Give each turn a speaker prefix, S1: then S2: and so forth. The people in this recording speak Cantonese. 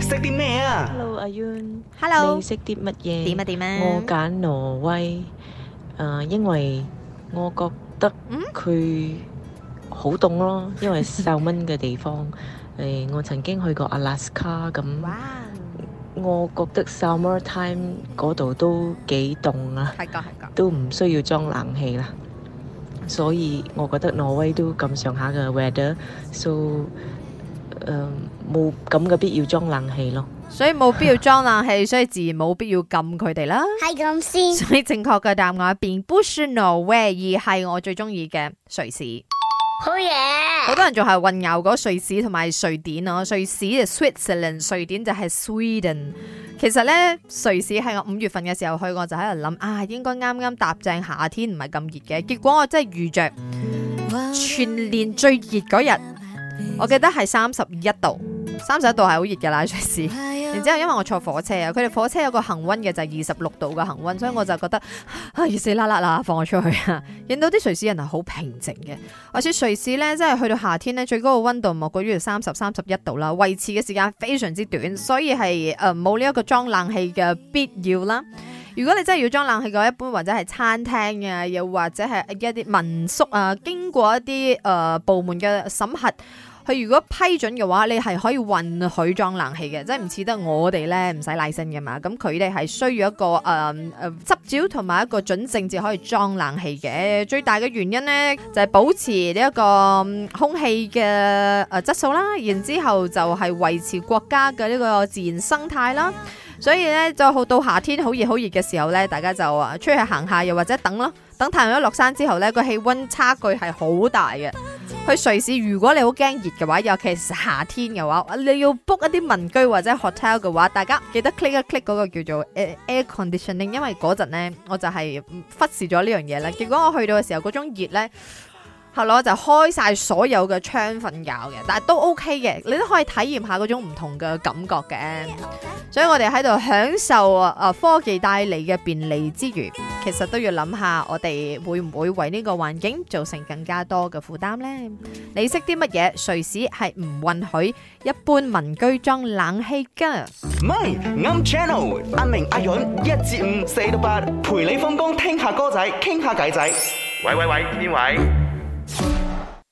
S1: 識啲咩啊？Hello，Ayun，Hello。你識啲乜嘢？點啊點啊？我揀挪威，誒，因為我覺得佢好凍咯，因為受蚊嘅地方。誒，我曾經去過阿拉斯卡，咁，我覺得 summer time 嗰度都幾凍啊，係噶係噶，都唔需要裝冷氣啦。所以我覺得挪威都咁上下嘅 weather，so。誒，冇咁嘅必要裝冷氣咯，
S2: 所以冇必要裝冷氣，所以自然冇必要禁佢哋啦。係咁先。所以正確嘅答案係邊 b u s h o u know where？而係我最中意嘅瑞士。好嘢！好 多人仲係混淆嗰瑞士同埋瑞典咯。瑞士就 Switzerland， 瑞典就係 Sweden。其實咧，瑞士係我五月份嘅時候去過，我就喺度諗啊，應該啱啱搭正夏天，唔係咁熱嘅。結果我真係遇着全年最熱嗰日。我記得係三十一度，三十一度係好熱嘅啦，瑞士。然之後因為我坐火車啊，佢哋火車有個恒溫嘅就係二十六度嘅恒溫，所以我就覺得啊熱死啦啦啦，放我出去啊！見到啲瑞士人係好平靜嘅。話說，瑞士呢，即係去到夏天呢，最高嘅溫度莫過於三十三十一度啦，維持嘅時間非常之短，所以係誒冇呢一個裝冷氣嘅必要啦。如果你真係要裝冷氣嘅話，一般或者係餐廳啊，又或者係一啲民宿啊，經過一啲誒、呃、部門嘅審核，佢如果批准嘅話，你係可以允許裝冷氣嘅，即係唔似得我哋咧唔使拉線。嘅嘛。咁佢哋係需要一個誒誒執照同埋一個准證至可以裝冷氣嘅。最大嘅原因呢，就係、是、保持呢一個空氣嘅誒質素啦，然之後就係維持國家嘅呢個自然生態啦。所以咧，就好到夏天好熱好熱嘅時候咧，大家就啊出去行下，又或者等咯，等太陽一落山之後咧，個氣温差距係好大嘅。去瑞士如果你好驚熱嘅話，尤其是夏天嘅話，你要 book 一啲民居或者 hotel 嘅話，大家記得 click 一 click 嗰個叫做、A、air conditioning，因為嗰陣咧我就係忽視咗呢樣嘢啦。結果我去到嘅時候，嗰種熱咧～係咯，就開晒所有嘅窗瞓覺嘅，但係都 OK 嘅，你都可以體驗下嗰種唔同嘅感覺嘅。Yeah, okay. 所以我哋喺度享受啊科技帶嚟嘅便利之餘，其實都要諗下我哋會唔會為呢個環境造成更加多嘅負擔呢？ 你識啲乜嘢？瑞士係唔允許一般民居裝冷氣噶？
S1: 唔啱 channel，阿明阿勇一至五四到八，5, 8, 陪你放工聽下歌仔，傾下偈仔。喂喂喂，邊位？